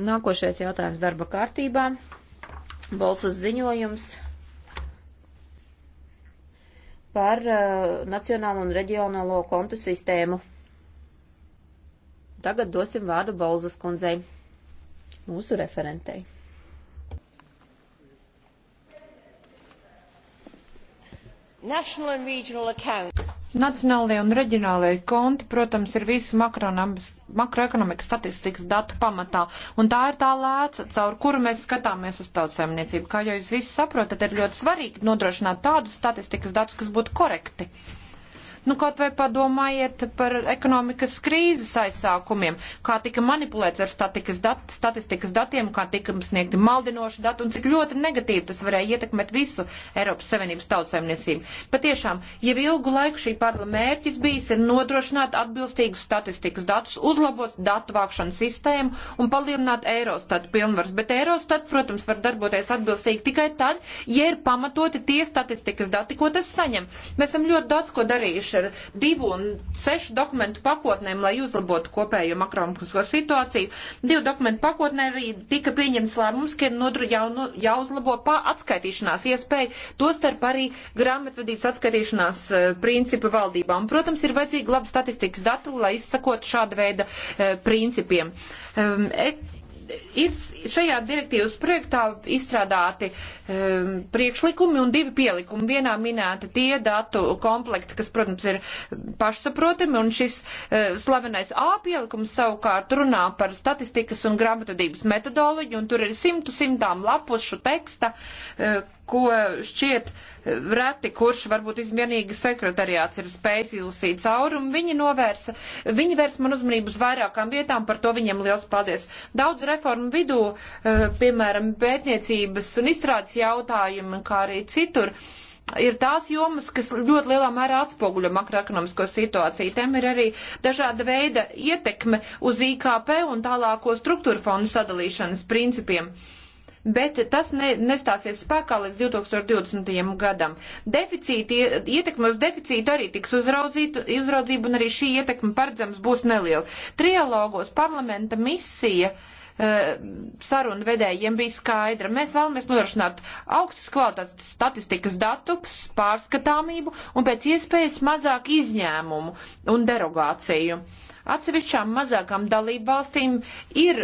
Nākošais jautājums darba kārtībā. Bolsas ziņojums par uh, nacionālo un reģionālo kontu sistēmu. Tagad dosim vārdu Bolzas kundzei, mūsu referentei. National and regional account. Nacionālajie un reģionālajie konti, protams, ir visu makroekonomikas statistikas datu pamatā, un tā ir tā lēca, caur kuru mēs skatāmies uz tautsēmniecību. Kā jau jūs visi saprotat, ir ļoti svarīgi nodrošināt tādus statistikas datus, kas būtu korekti. Uh, Nu, kaut vai padomājiet par ekonomikas krīzes aizsākumiem, kā tika manipulēts ar dat statistikas datiem, kā tika sniegti maldinoši dati un cik ļoti negatīvi tas varēja ietekmēt visu Eiropas Savienības tautsēmniecību. Patiešām, jau ilgu laiku šī parlamenta mērķis bijis ir nodrošināt atbilstīgus statistikas datus, uzlabot datu vākšanas sistēmu un palielināt Eurostat pilnvars. Bet Eurostat, protams, var darboties atbilstīgi tikai tad, ja ir pamatoti tie statistikas dati, ko tas saņem. Mēs esam ļoti daudz ko darījuši nākuši ar divu un sešu dokumentu pakotnēm, lai uzlabotu kopējo makroekonomisko situāciju. Divu dokumentu pakotnē arī tika pieņemts lēmums, ka ir jau, jāuzlabo atskaitīšanās iespēja, tostarp arī grāmatvedības atskaitīšanās e, principu valdībām. Protams, ir vajadzīgi labi statistikas dati, lai izsakot šāda veida e, principiem. E ir šajā direktīvas projektā izstrādāti um, priekšlikumi un divi pielikumi. Vienā minēta tie datu komplekti, kas, protams, ir pašsaprotami, un šis uh, slavenais A pielikums savukārt runā par statistikas un grāmatvedības metodoloģiju, un tur ir simtu simtām lapušu teksta. Uh, ko šķiet reti, kurš varbūt izmienīgi sekretariāts ir spējis izlasīt cauri, un viņi novērsa, viņi vērs man uzmanību uz vairākām vietām, par to viņiem liels paldies. Daudz reformu vidū, eh, piemēram, pētniecības un izstrādes jautājumi, kā arī citur ir tās jomas, kas ļoti lielā mērā atspoguļo makroekonomisko situāciju. Tam ir arī dažāda veida ietekme uz IKP un tālāko struktūra fondu sadalīšanas principiem. Uh, bet tas ne, nestāsies spēkā līdz 2020. gadam. Deficīti, ietekme uz deficītu arī tiks uzraudzīta, un arī šī ietekme paredzams būs neliela. Trialogos parlamenta misija eh, sarunu vedējiem bija skaidra. Mēs vēlamies nodrošināt augstas kvalitātes statistikas datus, pārskatāmību un pēc iespējas mazāk izņēmumu un derogāciju. Uh, Atsevišķām mazākām dalību valstīm ir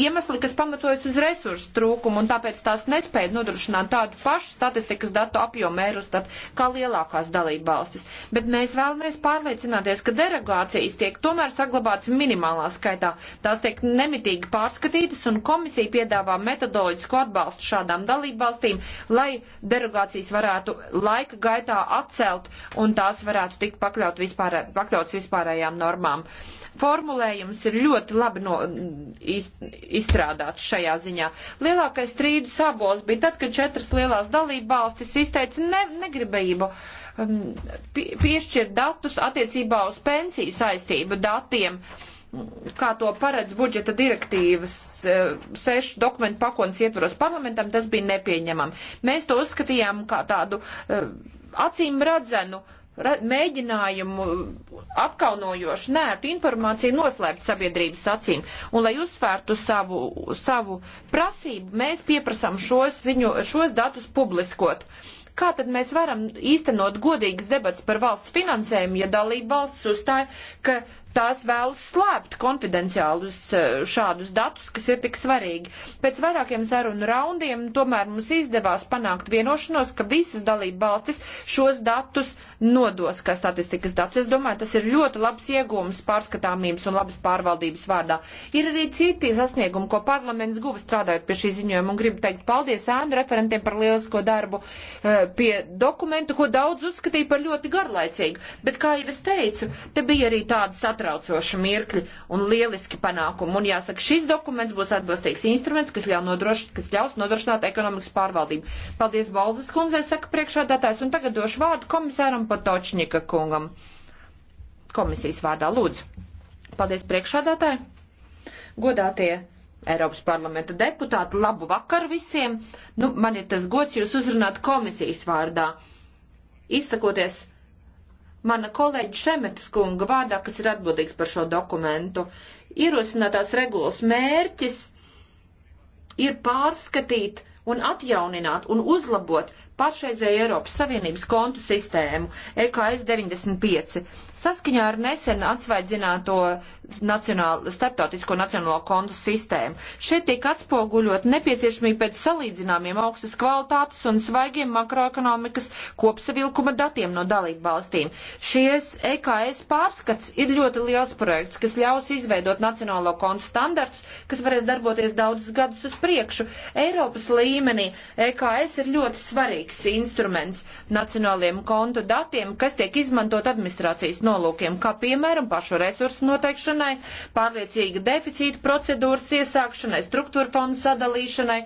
iemesli, kas pamatojas uz resursu trūkumu, un tāpēc tās nespēja nodrošināt tādu pašu statistikas datu apjomu Eurostat kā lielākās dalību valstis. Bet mēs vēlamies pārliecināties, ka derogācijas tiek tomēr saglabātas minimālā skaitā. Tās tiek nemitīgi pārskatītas, un komisija piedāvā metodoloģisku atbalstu šādām dalību valstīm, lai derogācijas varētu laika gaitā atcelt un tās varētu tikt pakļaut vispār, pakļauts vispārējām normām. Uh, Formulējums ir ļoti labi no, iz, izstrādāts šajā ziņā. Lielākais strīdus abos bija tad, kad četras lielās dalība valstis izteica ne, negribību um, piešķirt datus attiecībā uz pensiju saistību datiem kā to paredz budžeta direktīvas eh, sešu dokumentu pakotnes ietvaros parlamentam, tas bija nepieņemam. Mēs to uzskatījām kā tādu eh, acīm redzenu uh, mēģinājumu apkaunojošu, nērtu informāciju noslēpt sabiedrības acīm. Un, lai uzsvērtu savu, savu prasību, mēs pieprasām šos, ziņo, šos datus publiskot. Kā tad mēs varam īstenot godīgas debats par valsts finansējumu, ja dalība valsts uzstāja, ka tās vēlas slēpt konfidenciālus eh, šādus datus, kas ir tik svarīgi? Pēc vairākiem sarunu raundiem tomēr mums izdevās panākt vienošanos, ka visas dalība valstis šos datus uh, nodos, kā statistikas datus. Es domāju, tas ir ļoti labs iegūms pārskatāmības un labas pārvaldības vārdā. Ir arī citi sasniegumi, ko parlaments guva strādājot pie šī ziņojuma, un gribu teikt paldies ēnu referentiem par lielisko darbu eh, pie dokumentu, ko daudz uzskatīja par ļoti garlaicīgu. Bet, kā jau es teicu, te bija arī tādi satraucoši mirkļi un lieliski panākumi. Un jāsaka, šis dokuments būs atbilstīgs instruments, kas, ļau nodroš, kas ļaus nodrošināt ekonomikas pārvaldību. Paldies Baldas kundzei, saka priekšādātājs, un tagad došu vārdu komisāram Potočņika kungam. Komisijas vārdā lūdzu. Paldies priekšādātāji. Godātie Eiropas parlamenta deputāti, labu vakaru visiem. Nu, man ir tas gods jūs uzrunāt komisijas vārdā. Izsakoties mana kolēģa Šemetas kunga vārdā, kas ir atbildīgs par šo dokumentu, ierosinātās regulas mērķis ir pārskatīt un atjaunināt un uzlabot pašreizēju Eiropas Savienības kontu sistēmu EKS 95. Saskaņā ar nesen atsvaidzināto nacionālu, starptautisko nacionālo kontu sistēmu. Šeit tiek atspoguļot nepieciešamība pēc salīdzināmiem augstas kvalitātes un svaigiem makroekonomikas kopsavilkuma datiem no dalību valstīm. Šies EKS pārskats ir ļoti liels projekts, kas ļaus izveidot nacionālo kontu standartus, kas varēs darboties daudzus gadus uz priekšu. Eiropas līmenī EKS ir ļoti svarīgs instruments nacionāliem kontu datiem, kas tiek izmantot administrācijas nolūkiem, kā piemēram pašu resursu noteikšanu veikšanai, pārliecīga deficīta procedūras iesākšanai, struktūra fonda sadalīšanai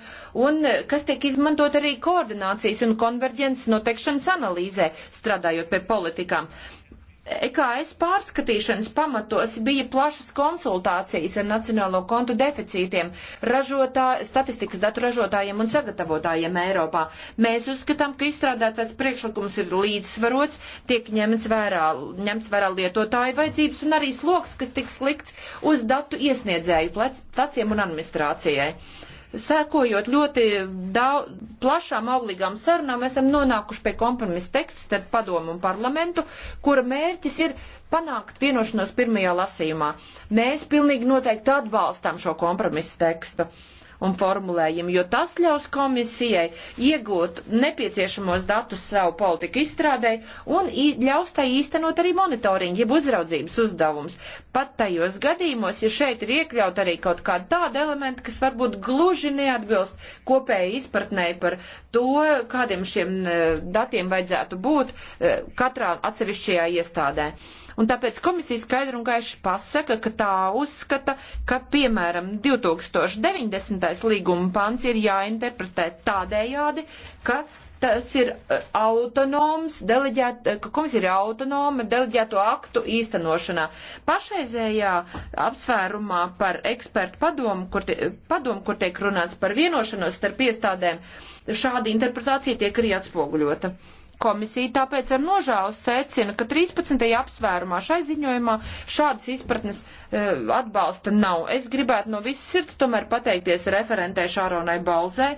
un eh, kas tiek izmantot arī koordinācijas un konverģences noteikšanas analīzē, strādājot pie politikām. EKS pārskatīšanas pamatos bija plašas konsultācijas ar nacionālo kontu deficītiem, ražotā, statistikas datu ražotājiem un sagatavotājiem Eiropā. Mēs uzskatām, ka izstrādātais priekšlikums ir līdzsvarots, tiek ņemts vērā, ņemts vērā lietotāju vajadzības un arī sloks, kas tiks likts uz datu iesniedzēju pleciem un administrācijai. Sēkojot ļoti daudz, plašām auglīgām sarunām, esam nonākuši pie kompromisa teksta starp padomu un parlamentu, kura mērķis ir panākt vienošanos pirmajā lasījumā. Mēs pilnīgi noteikti atbalstām šo kompromisa tekstu. Uh, un formulējumu, jo tas ļaus komisijai iegūt nepieciešamos datus savu politiku izstrādē un ļaus tai īstenot arī monitoringu, jeb uzraudzības uzdevums. Pat tajos gadījumos, ja šeit ir iekļaut arī kaut kāda tāda elementa, kas varbūt gluži neatbilst kopēji izpratnē par to, kādiem šiem e, datiem vajadzētu būt e, katrā atsevišķajā iestādē. Un tāpēc komisija skaidri un gaiši pasaka, ka tā uzskata, ka, piemēram, 2090. līguma pants ir jāinterpretē tādējādi, ka tas ir e, autonoms, deleģēt, e, ka komisija ir autonoma deleģēto aktu īstenošanā. Pašreizējā apsvērumā par ekspertu padomu, kur, tie, padomu, kur tiek runāts par vienošanos starp iestādēm, šāda interpretācija tiek arī atspoguļota. Uh, Komisija tāpēc ar nožēlu secina, ka 13. apsvērumā šai ziņojumā šādas izpratnes e, atbalsta nav. Es gribētu no visas sirds tomēr pateikties referentē Šāronai Balzē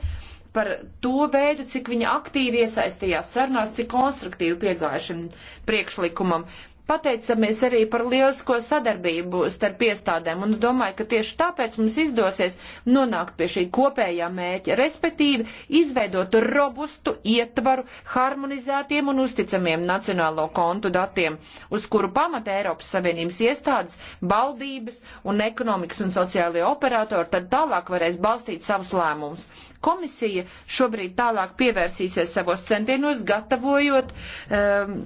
par to veidu, cik viņa aktīvi iesaistījās sarunās, cik konstruktīvi piegāja šim priekšlikumam pateicamies arī par lielisko sadarbību starp iestādēm, un es domāju, ka tieši tāpēc mums izdosies nonākt pie šī kopējā mēķa, respektīvi izveidot robustu ietvaru harmonizētiem un uzticamiem nacionālo kontu datiem, uz kuru pamata Eiropas Savienības iestādes, baldības un ekonomikas un sociālajie operatori tad tālāk varēs balstīt savus lēmumus. Komisija šobrīd tālāk pievērsīsies savos centienos, gatavojot um,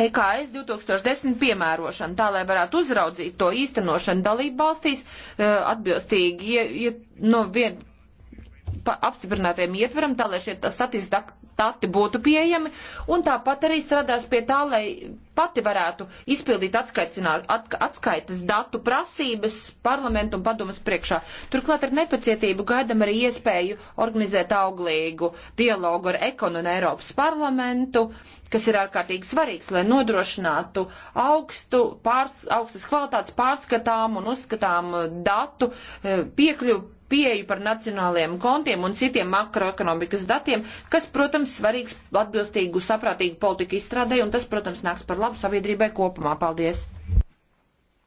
EKS 2010 piemērošanu, tā lai varētu uzraudzīt to īstenošanu dalību valstīs eh, atbilstīgi ja, ja, no vien, pa, apstiprinātiem ietveram, tā lai šie statistika dati būtu pieejami, un tāpat arī strādās pie tā, lai pati varētu izpildīt atskaites datu prasības parlamentu un padomas priekšā. Turklāt ar nepacietību gaidam arī iespēju organizēt auglīgu dialogu ar Ekonu un Eiropas parlamentu, kas ir ārkārtīgi svarīgs, lai nodrošinātu augstu, pārs, augstas kvalitātes pārskatām un uzskatām datu eh, piekļuvu pieeju par nacionālajiem kontiem un citiem makroekonomikas datiem, kas, protams, svarīgs atbilstīgu saprātīgu politiku izstrādē, un tas, protams, nāks par labu sabiedrībai kopumā. Paldies!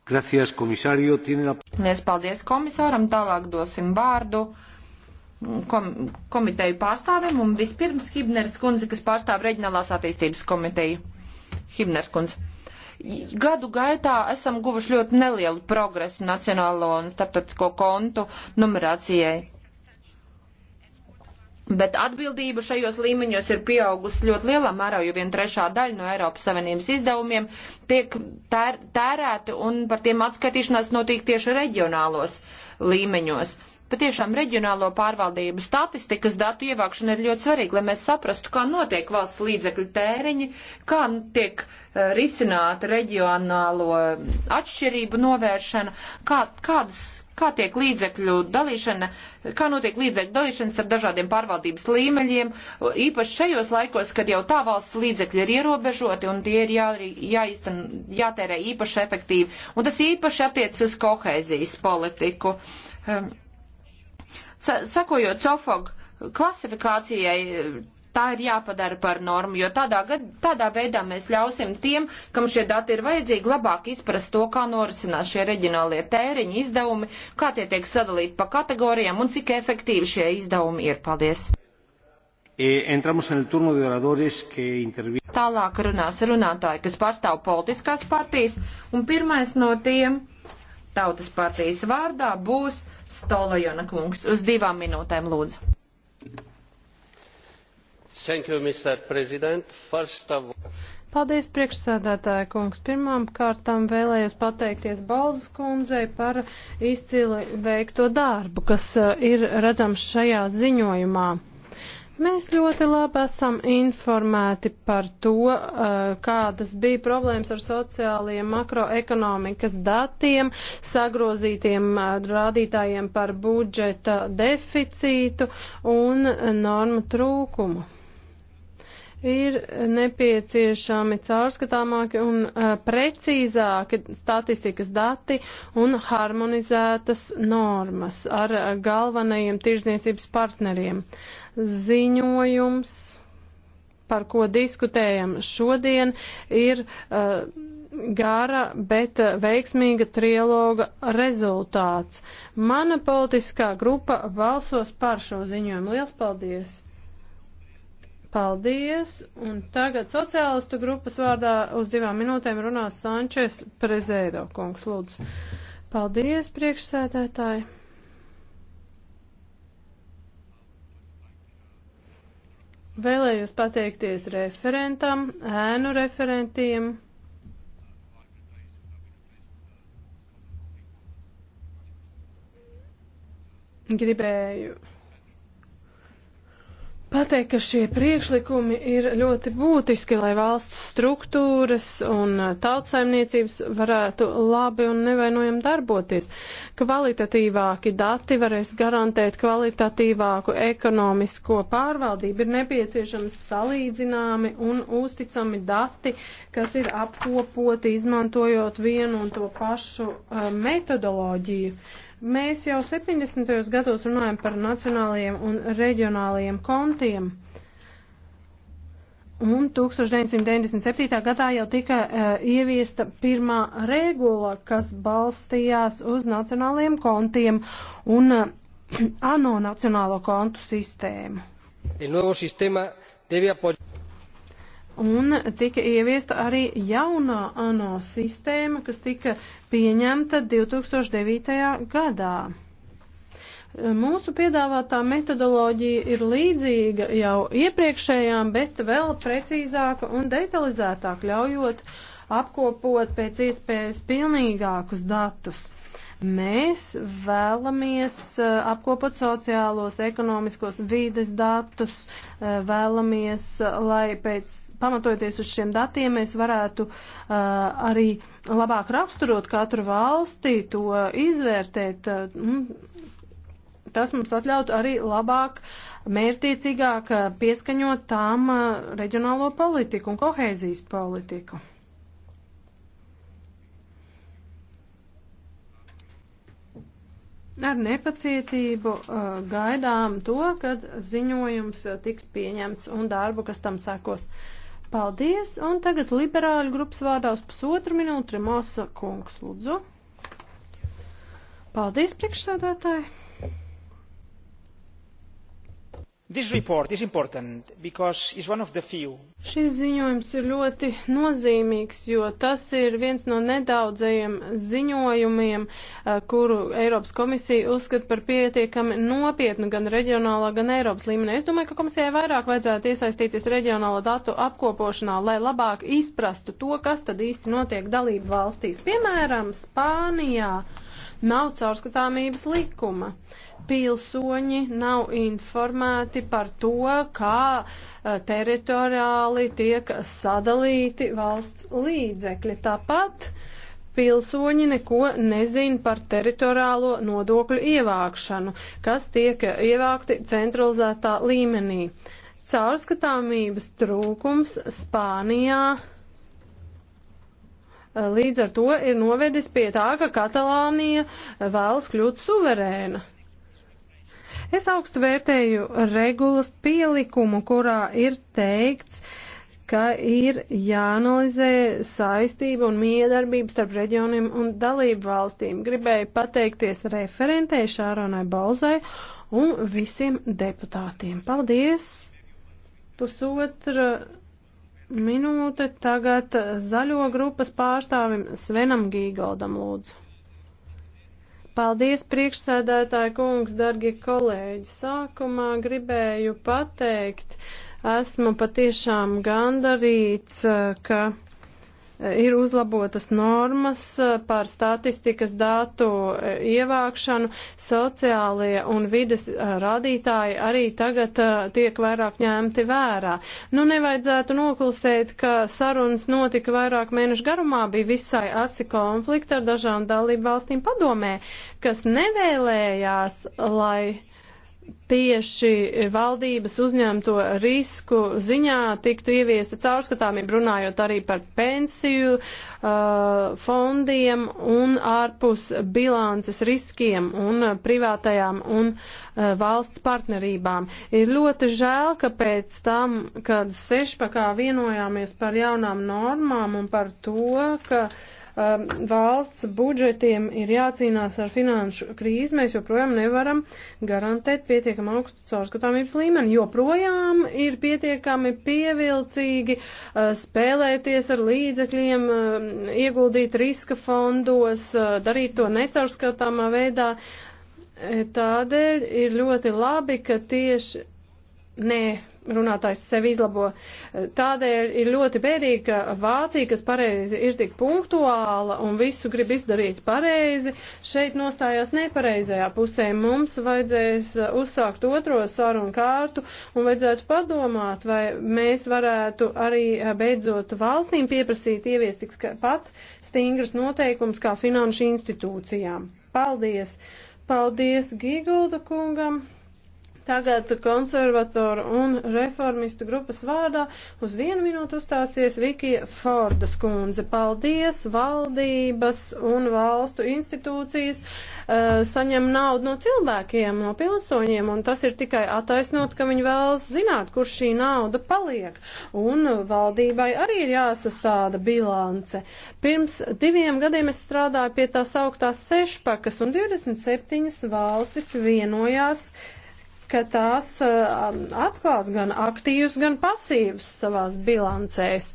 Gracias, komisārio. Tiene... Mēs paldies komisāram, tālāk dosim vārdu kom komiteju pārstāvim un vispirms Hibners kundze, kas pārstāv reģionālās attīstības komiteju. Hibners kundze. Gadu gaitā esam guvuši ļoti nelielu progresu nacionālo un starptautisko kontu numerācijai. Bet atbildība šajos līmeņos ir pieaugusi ļoti lielā mērā, jo vien trešā daļa no Eiropas Savienības izdevumiem tiek tēr, tērēti un par tiem atskaitīšanās notiek tieši reģionālos līmeņos. Patiešām reģionālo pārvaldību statistikas datu ievākšana ir ļoti svarīga, lai mēs saprastu, kā notiek valsts līdzekļu tēriņi, kā tiek eh, risināta reģionālo atšķirību novēršana, kā, kādas, kā tiek līdzekļu dalīšana, kā notiek līdzekļu dalīšana starp dažādiem pārvaldības līmeņiem, īpaši šajos laikos, kad jau tā valsts līdzekļi ir ierobežoti un tie ir jā, jāizten, jātērē īpaši efektīvi. Un tas īpaši attiecas uz kohēzijas politiku. Um, Sakojot Sofog klasifikācijai, tā ir jāpadara par normu, jo tādā, gad, tādā veidā mēs ļausim tiem, kam šie dati ir vajadzīgi, labāk izprast to, kā norisinās šie reģionālie tēriņi, izdevumi, kā tie tiek sadalīti pa kategorijām un cik efektīvi šie izdevumi ir. Paldies! E, Tālāk runās runātāji, kas pārstāv politiskās partijas, un pirmais no tiem tautas partijas vārdā būs Stolojona kungs. Uz divām minūtēm lūdzu. Thank you, Mr. President. First of all. Paldies, priekšsēdētāja kungs. Pirmām kārtām vēlējos pateikties Balzas kundzei par izcili veikto darbu, kas eh, ir redzams šajā ziņojumā. Mēs ļoti labi esam informēti par to, eh, kādas bija problēmas ar sociālajiem makroekonomikas datiem, sagrozītiem eh, rādītājiem par budžeta deficītu un normu trūkumu ir nepieciešami caurskatāmāki un eh, precīzāki statistikas dati un harmonizētas normas ar eh, galvenajiem tirzniecības partneriem. Ziņojums, par ko diskutējam šodien, ir uh, gara, bet veiksmīga trialoga rezultāts. Mana politiskā grupa balsos par šo ziņojumu. Lielas paldies! Paldies! Un tagad sociālistu grupas vārdā uz divām minūtēm runās Sančes Prezēdo kungs lūdzu. Paldies, priekšsēdētāji! Vēlējos pateikties referentam, ēnu referentiem. Gribēju pateikt, ka šie priekšlikumi ir ļoti būtiski, lai valsts struktūras un uh, tautsaimniecības varētu labi un nevainojami darboties. Kvalitatīvāki dati varēs garantēt kvalitatīvāku ekonomisko pārvaldību. Ir nepieciešams salīdzināmi un uzticami dati, kas ir apkopoti izmantojot vienu un to pašu uh, metodoloģiju. Mēs jau 70. gados runājam par nacionālajiem un reģionālajiem kontiem. Un 1997. gadā jau tika uh, ieviesta pirmā regula, kas balstījās uz nacionāliem kontiem un uh, ANO nacionālo kontu sistēmu. Un tika ieviesta arī jaunā ANO sistēma, kas tika pieņemta 2009. gadā. Mūsu piedāvātā metodoloģija ir līdzīga jau iepriekšējām, bet vēl precīzāka un detalizētāk ļaujot apkopot pēc iespējas pilnīgākus datus. Mēs vēlamies uh, apkopot sociālos, ekonomiskos vīdes datus, uh, vēlamies, uh, lai pēc pamatojoties uz šiem datiem, mēs varētu uh, arī labāk raksturot katru valsti, to izvērtēt. Uh, mm, tas mums atļautu arī labāk, mērtiecīgāk uh, pieskaņot tām uh, reģionālo politiku un kohēzijas politiku. Ar nepacietību uh, gaidām to, kad ziņojums uh, tiks pieņemts un darbu, kas tam sekos. Uh, Paldies, un tagad liberāļu grupas vārdā uz pusotru minūti Masa kungs, lūdzu. Paldies, priekšsēdētāji! Šis ziņojums ir ļoti nozīmīgs, jo tas ir viens no nedaudzajiem ziņojumiem, eh, kuru Eiropas komisija uzskata par pietiekami nopietnu gan reģionālā, gan Eiropas līmenī. Es domāju, ka komisijai vairāk vajadzētu iesaistīties reģionālo datu apkopošanā, lai labāk izprastu to, kas tad īsti notiek dalību valstīs. Piemēram, Spānijā nav caurskatāmības likuma. Pilsoņi nav informēti par to, kā eh, teritoriāli tiek sadalīti valsts līdzekļi. Tāpat pilsoņi neko nezin par teritoriālo nodokļu ievākšanu, kas tiek ievākti centralizētā līmenī. Caurskatāmības trūkums Spānijā līdz ar to ir novedis pie tā, ka Katalānija vēlas kļūt suverēna. Es augstu vērtēju regulas pielikumu, kurā ir teikts, ka ir jāanalizē saistība un miedarbība starp reģioniem un dalību valstīm. Gribēju pateikties referentē Šāronai Balzai un visiem deputātiem. Paldies! Pusotra minūte tagad zaļo grupas pārstāvim Svenam Gīgaldam lūdzu. Paldies, priekšsēdētāji kungs, dargi kolēģi. Sākumā gribēju pateikt, esmu patiešām gandarīts, ka ir uzlabotas normas eh, par statistikas datu eh, ievākšanu, sociālie un vides eh, rādītāji arī tagad tiek vairāk ņemti vērā. Nu, nevajadzētu noklusēt, ka sarunas notika vairāk mēnešu garumā, bija visai asi konflikti ar dažām dalību valstīm padomē, kas nevēlējās, lai tieši valdības uzņemto risku ziņā tiktu ieviesta caurskatāmība, runājot arī par pensiju uh, fondiem un ārpus bilances riskiem un privātajām un uh, valsts partnerībām. Ir ļoti žēl, ka pēc tam, kad sešpakā vienojāmies par jaunām normām un par to, ka uh, um, valsts budžetiem ir jācīnās ar finanšu krīzi, mēs joprojām nevaram garantēt pietiekam augstu caurskatāmības līmeni. Joprojām ir pietiekami pievilcīgi uh, spēlēties ar līdzekļiem, uh, ieguldīt riska fondos, uh, darīt to necaurskatāmā veidā. E, tādēļ ir ļoti labi, ka tieši. Nē, runātājs sevi izlabo. Tādēļ ir ļoti bēdīgi, ka Vācija, kas pareizi ir tik punktuāla un visu grib izdarīt pareizi, šeit nostājās nepareizajā pusē. Mums vajadzēs uzsākt otro sarunu kārtu un vajadzētu padomāt, vai mēs varētu arī beidzot valstīm pieprasīt ieviest tik pat stingras noteikums kā finanšu institūcijām. Paldies! Paldies Gīgulda kungam! Tagad konservatoru un reformistu grupas vārdā uz vienu minūtu uzstāsies Vikija Fordas kundze. Paldies, valdības un valstu institūcijas uh, saņem naudu no cilvēkiem, no pilsoņiem, un tas ir tikai attaisnot, ka viņi vēlas zināt, kur šī nauda paliek. Un valdībai arī ir jāsastāda bilance. Pirms diviem gadiem es strādāju pie tās augtās sešpakas, un 27 valstis vienojās, uh, ka tās um, atklās gan aktīvus, gan pasīvus savās bilancēs.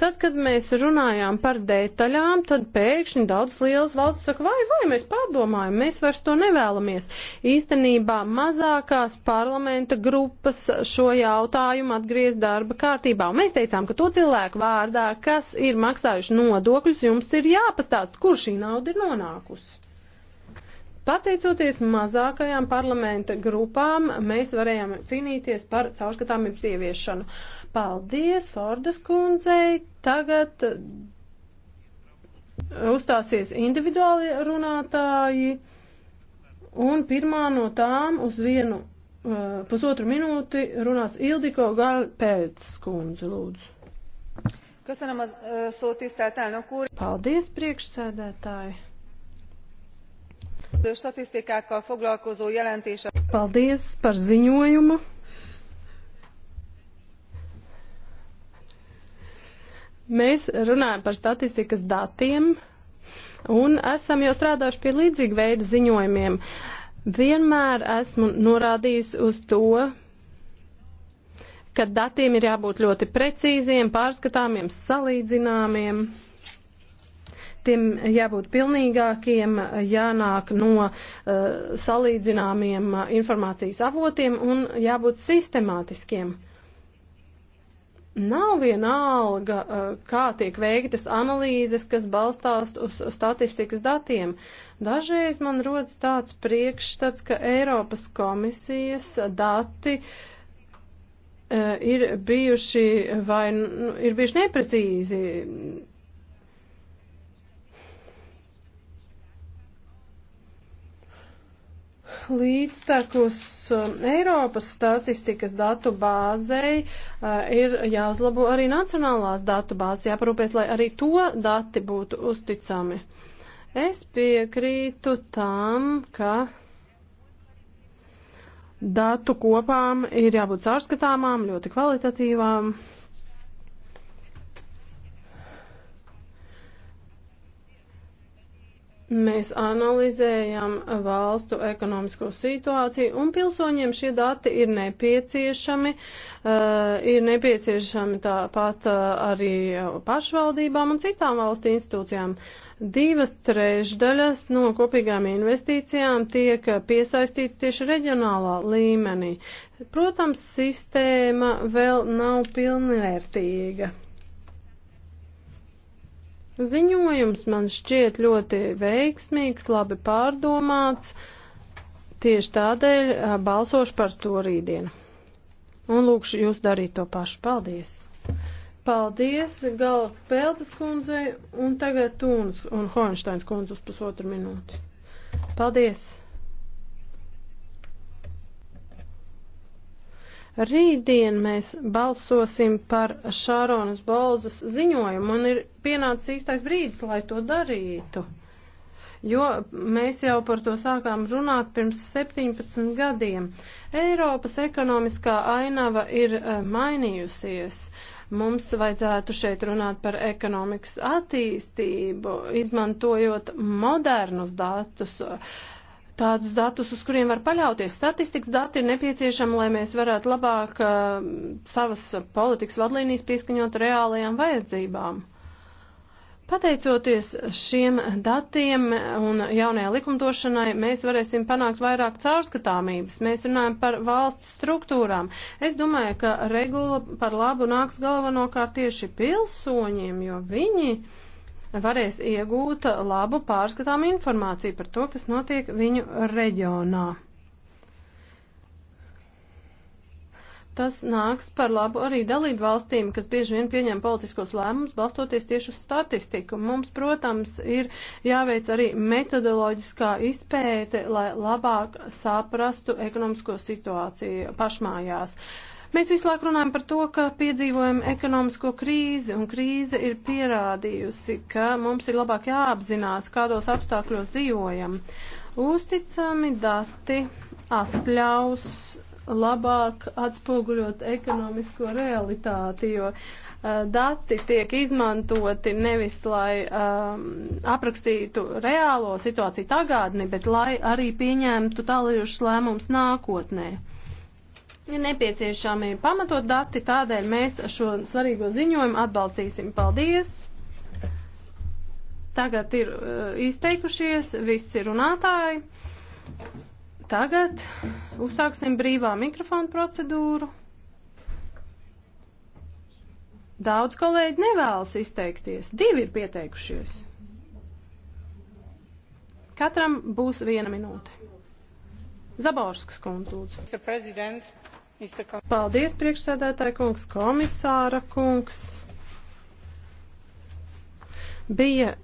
Tad, kad mēs runājām par detaļām, tad pēkšņi daudz lielas valsts saka, vai, vai, mēs pārdomājam, mēs vairs to nevēlamies. Īstenībā mazākās parlamenta grupas šo jautājumu atgriez darba kārtībā. Un mēs teicām, ka to cilvēku vārdā, kas ir maksājuši nodokļus, jums ir jāpastāst, kur šī nauda ir nonākusi. Pateicoties mazākajām parlamenta grupām, mēs varējām cīnīties par caurskatāmības ieviešanu. Paldies Fordas kundzei. Tagad eh, uzstāsies individuāli runātāji. Un pirmā no tām uz vienu uh, pusotru minūti runās Ildiko Galpēc kundze, lūdzu. Köszönöm a eh, szót, tisztelt elnök úr! Paldies, priekšsēdētāji! Paldies par ziņojumu. Mēs runājam par statistikas datiem un esam jau strādājuši pie līdzīga veida ziņojumiem. Vienmēr esmu norādījis uz to, ka datiem ir jābūt ļoti precīziem, pārskatāmiem, salīdzināmiem tiem jābūt pilnīgākiem, jānāk no uh, salīdzināmiem eh, informācijas avotiem un jābūt sistemātiskiem. Nav vienalga, eh, kā tiek veiktas analīzes, kas balstās uz statistikas datiem. Dažreiz man rodas tāds priekšstats, ka Eiropas komisijas dati ir bijuši vai ir bijuši neprecīzi līdztekus um, Eiropas statistikas datu bāzei uh, ir jāuzlabo arī nacionālās datu bāzes, jāparūpēs, lai arī to dati būtu uzticami. Es piekrītu tam, ka datu kopām ir jābūt sārskatāmām, ļoti kvalitatīvām. Mēs analizējam valstu ekonomisko situāciju, un pilsoņiem šie dati ir nepieciešami. Uh, ir nepieciešami tāpat uh, arī pašvaldībām un citām valstu institūcijām. Divas trešdaļas no kopīgām investīcijām tiek piesaistīts tieši reģionālā līmenī. Protams, sistēma vēl nav pilnvērtīga. Ziņojums man šķiet ļoti veiksmīgs, labi pārdomāts. Tieši tādēļ balsošu par to rītdienu. Un lūkšu jūs darīt to pašu. Paldies! Paldies, Gala Peltas kundzei, un tagad Tūnas un Hoinsteins kundze uz pusotru minūti. Paldies! Rītdien mēs balsosim par Šāronas Bolzas ziņojumu, un ir pienācis īstais brīdis, lai to darītu. Jo mēs jau par to sākām runāt pirms 17 gadiem. Eiropas ekonomiskā ainava ir eh, mainījusies. Mums vajadzētu šeit runāt par ekonomikas attīstību, izmantojot modernus datus. Uh, tādus datus, uz kuriem var paļauties. Statistikas dati ir nepieciešami, lai mēs varētu labāk uh, savas politikas vadlīnijas pieskaņot reālajām vajadzībām. Pateicoties šiem datiem un jaunajā likumdošanai, mēs varēsim panākt vairāk caurskatāmības. Mēs runājam par valsts struktūrām. Es domāju, ka regula par labu nāks galvenokārt tieši pilsoņiem, jo viņi varēs iegūt labu pārskatām informāciju par to, kas notiek viņu reģionā. Tas nāks par labu arī dalību valstīm, kas bieži vien pieņem politiskos lēmumus, balstoties tieši uz statistiku. Mums, protams, ir jāveic arī metodoloģiskā izpēte, lai labāk saprastu ekonomisko situāciju pašmājās. Uh, Mēs visu laiku runājam par to, ka piedzīvojam ekonomisko krīzi, un krīze ir pierādījusi, ka mums ir labāk jāapzinās, kādos apstākļos dzīvojam. Uzticami dati atļaus labāk atspoguļot ekonomisko realitāti, jo uh, dati tiek izmantoti nevis, lai um, aprakstītu reālo situāciju tagadni, bet lai arī pieņemtu tālajušas lēmums nākotnē nepieciešami pamatot dati, tādēļ mēs šo svarīgo ziņojumu atbalstīsim. Paldies! Tagad ir eh, izteikušies visi runātāji. Tagad uzsāksim brīvā mikrofona procedūru. Daudz kolēģi nevēlas izteikties. Divi ir pieteikušies. Katram būs viena minūte. Zaborskas kundze. Paldies, priekšsēdētāji kungs, komisāra kungs. Bija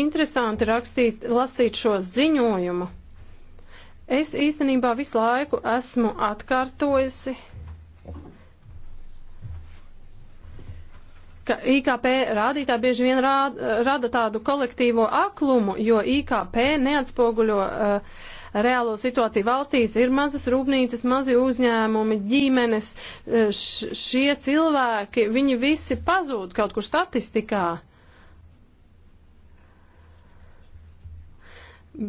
interesanti rakstīt, lasīt šo ziņojumu. Es īstenībā visu laiku esmu atkārtojusi, ka IKP rādītāji bieži vien rāda, rada tādu kolektīvo aklumu, jo IKP neatspoguļo uh, reālo situāciju valstīs, ir mazas rūpnīcas, mazi uzņēmumi, ģimenes. E, šie cilvēki, viņi visi pazūd kaut kur statistikā.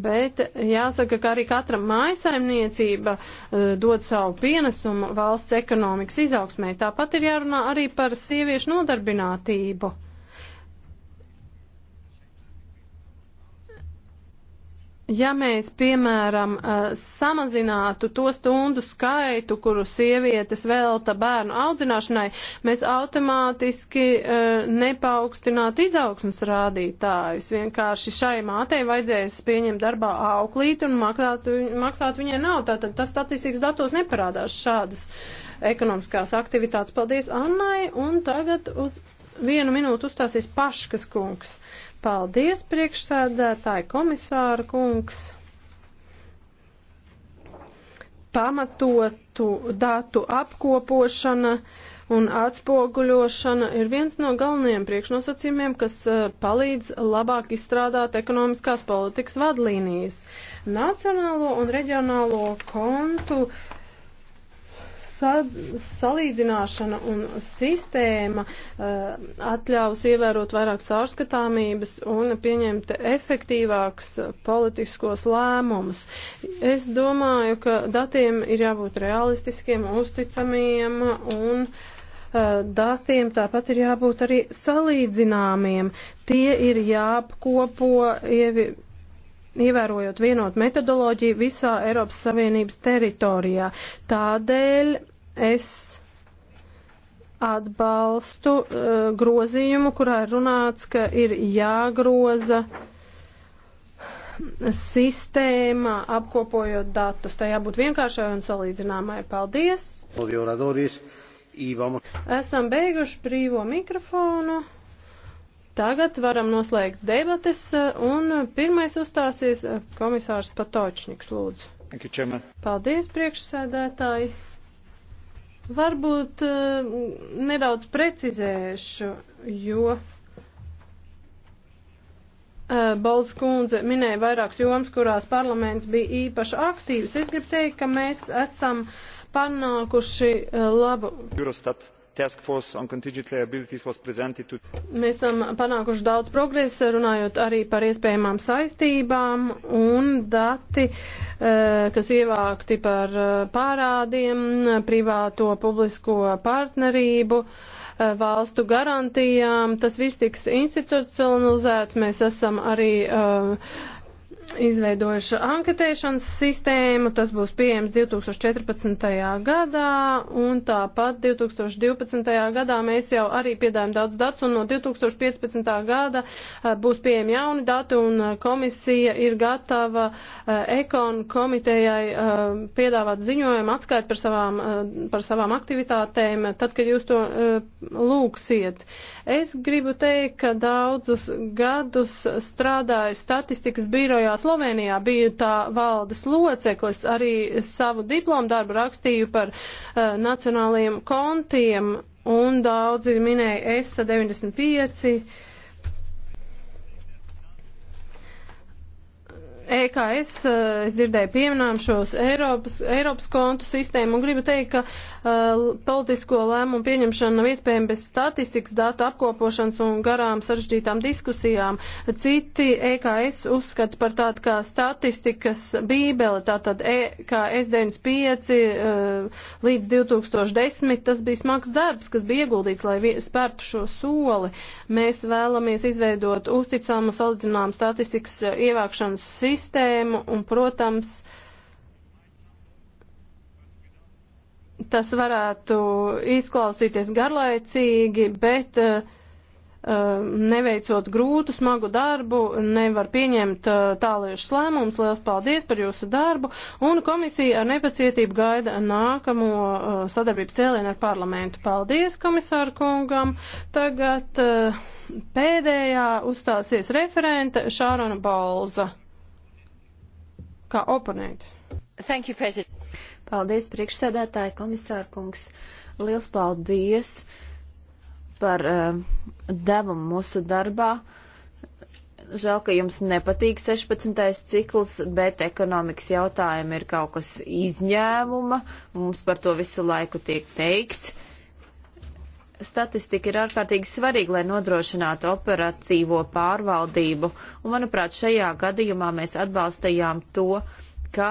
Bet jāsaka, ka arī katra mājasaimniecība uh, e, dod savu pienesumu valsts ekonomikas izaugsmē. Tāpat ir jārunā arī par sieviešu nodarbinātību. Ja mēs, piemēram, samazinātu to stundu skaitu, kuru sievietes velta bērnu audzināšanai, mēs automātiski nepaukstinātu izaugsmas rādītājus. Vienkārši šai mātei vajadzēs pieņemt darbā auklīt un maksāt, maksāt viņai nav. Tātad tas statistikas datos neparādās šādas ekonomiskās aktivitātes. Paldies Annai un tagad uz vienu minūtu uzstāsies Paškas kungs. Uh, Paldies, priekšsēdētāji, komisāra kungs. Pamatotu datu apkopošana un atspoguļošana ir viens no galvenajiem priekšnosacījumiem, kas eh, palīdz labāk izstrādāt ekonomiskās politikas vadlīnijas. Nacionālo un reģionālo kontu uh, sad, salīdzināšana un sistēma uh, atļaus ievērot vairāk sārskatāmības un pieņemt efektīvāks politiskos lēmumus. Es domāju, ka datiem ir jābūt realistiskiem, uzticamiem un uh, datiem tāpat ir jābūt arī salīdzināmiem. Tie ir jāapkopo, ievi ievērojot vienotu metodoloģiju visā Eiropas Savienības teritorijā. Tādēļ es atbalstu uh, grozījumu, kurā ir runāts, ka ir jāgroza sistēma apkopojot datus. Tā jābūt vienkāršai un salīdzināmai. Paldies! Esam beiguši brīvo mikrofonu. Tagad varam noslēgt debates, eh, un pirmais uzstāsies eh, komisārs Patočņiks, lūdzu. You, Paldies, priekšsēdētāji. Varbūt eh, nedaudz precizēšu, jo Balz kundze minēja vairākas jomas, kurās parlaments bija īpaši aktīvs. Es gribu teikt, ka mēs esam panākuši labu. Eurostat task force on contingent liabilities was presented to. Mēs esam panākuši daudz progresa, runājot arī par iespējamām saistībām un dati, eh, kas ievākti par eh, pārādiem, privāto publisko partnerību eh, valstu garantijām. Tas viss tiks institucionalizēts. Mēs esam arī uh, izveidojuši anketēšanas sistēmu, tas būs pieejams 2014. gadā, un tāpat 2012. gadā mēs jau arī piedājam daudz datus, un no 2015. gada eh, būs pieejami jauni dati, un eh, komisija ir gatava eh, ekon komitejai piedāvāt ziņojumu atskait par savām, par savām aktivitātēm, tad, kad jūs to lūksiet. Es gribu teikt, ka daudzus gadus strādāju statistikas birojā Slovenijā biju tā valdes loceklis, arī savu diplomu darbu rakstīju par uh, eh, nacionālajiem kontiem, un daudzi minēja ESA 95 EKS eh, es dzirdēju pieminām šos Eiropas, Eiropas kontu sistēmu un gribu teikt, ka uh, politisko lēmumu pieņemšana nav iespējama bez statistikas datu apkopošanas un garām sarežģītām diskusijām. Citi EKS uzskata par tādu kā statistikas bībeli, tātad EKS 95 uh, līdz 2010 tas bija smags darbs, kas bija ieguldīts, lai spērtu šo soli. Mēs vēlamies izveidot uzticamu salīdzinājumu statistikas eh, ievākšanas sistēmu sistēmu un, protams, tas varētu izklausīties garlaicīgi, bet uh, neveicot grūtu, smagu darbu, nevar pieņemt eh, tāliešus lēmumus. Lielas paldies par jūsu darbu, un komisija ar nepacietību gaida nākamo sadarbības cēlienu ar parlamentu. Paldies komisāru kungam. Tagad pēdējā uzstāsies referente Šārona Balza kā oponenti. Thank you, President. Paldies, priekšsēdētāji, komisāra kungs. Liels paldies par uh, devumu mūsu darbā. Žēl, ka jums nepatīk 16. cikls, bet ekonomikas jautājumi ir kaut kas izņēmuma. Mums par to visu laiku tiek teikts. Uh, statistika ir ārkārtīgi svarīga, lai nodrošinātu operatīvo pārvaldību, un, manuprāt, šajā gadījumā mēs atbalstījām to, ka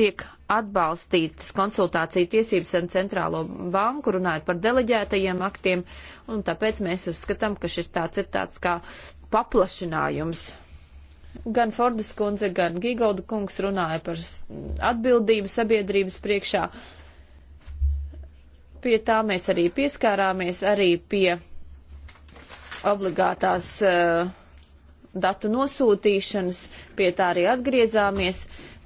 tiek atbalstītas konsultācija tiesības ar centrālo banku, runājot par deleģētajiem aktiem, un tāpēc mēs uzskatām, ka šis tāds ir tāds kā paplašinājums. Gan Fordas kundze, gan Gigolda kungs runāja par atbildību sabiedrības priekšā. Uh, Pie tā mēs arī pieskārāmies, arī pie obligātās uh, datu nosūtīšanas, pie tā arī atgriezāmies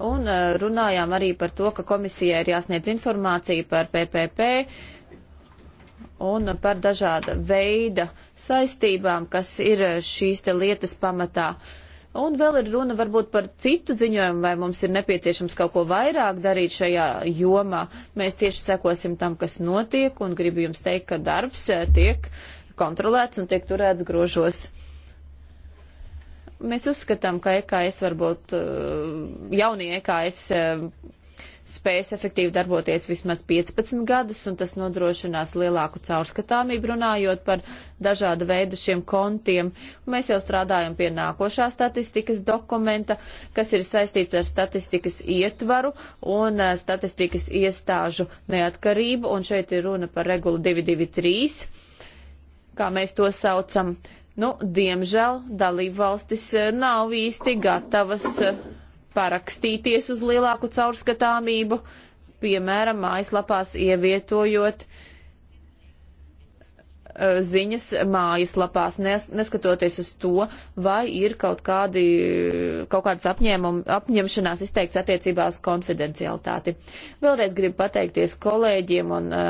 un uh, runājām arī par to, ka komisijai ir jāsniedz informācija par PPP un par dažāda veida saistībām, kas ir uh, šīs te lietas pamatā. Uh, Un vēl ir runa varbūt par citu ziņojumu, vai mums ir nepieciešams kaut ko vairāk darīt šajā jomā. Mēs tieši sekosim tam, kas notiek, un gribu jums teikt, ka darbs eh, tiek kontrolēts un tiek turēts grožos. Mēs uzskatām, ka EKS varbūt eh, jaunie EKS eh, spēs efektīvi darboties vismaz 15 gadus, un tas nodrošinās lielāku caurskatāmību runājot par dažādu veidu šiem kontiem. Mēs jau strādājam pie nākošā statistikas dokumenta, kas ir saistīts ar statistikas ietvaru un eh, statistikas iestāžu neatkarību, un šeit ir runa par regulu 223, kā mēs to saucam. Nu, diemžēl dalībvalstis eh, nav īsti gatavas eh, parakstīties uz lielāku caurskatāmību, piemēram, mājaslapās ievietojot e, ziņas mājaslapās, nes, neskatoties uz to, vai ir kaut, kādi, kaut kādas apņēmum, apņemšanās izteikts attiecībā uz konfidencialitāti. Vēlreiz gribu pateikties kolēģiem un, e,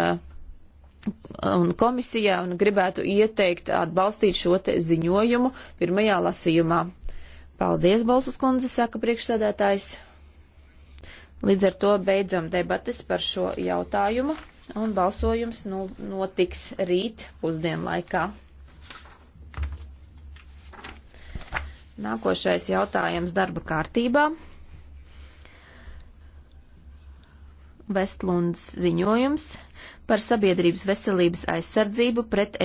un komisijā un gribētu ieteikt atbalstīt šo te ziņojumu pirmajā lasījumā. Paldies, Balsas kundze, saka priekšsēdētājs. Līdz ar to beidzam debatas par šo jautājumu, un balsojums nu, notiks rīt pusdienlaikā. Nākošais jautājums darba kārtībā. Vestlunds ziņojums par sabiedrības veselības aizsardzību pret